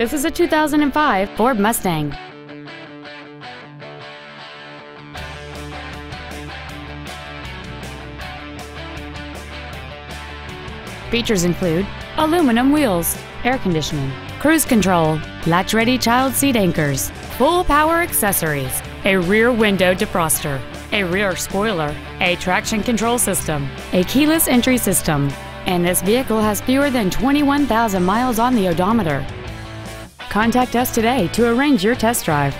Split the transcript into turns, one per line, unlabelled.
This is a 2005 Ford Mustang. Features include aluminum wheels, air conditioning, cruise control, latch-ready child seat anchors, full power accessories, a rear window defroster, a rear spoiler, a traction control system, a keyless entry system, and this vehicle has fewer than 21,000 miles on the odometer. Contact us today to arrange your test drive.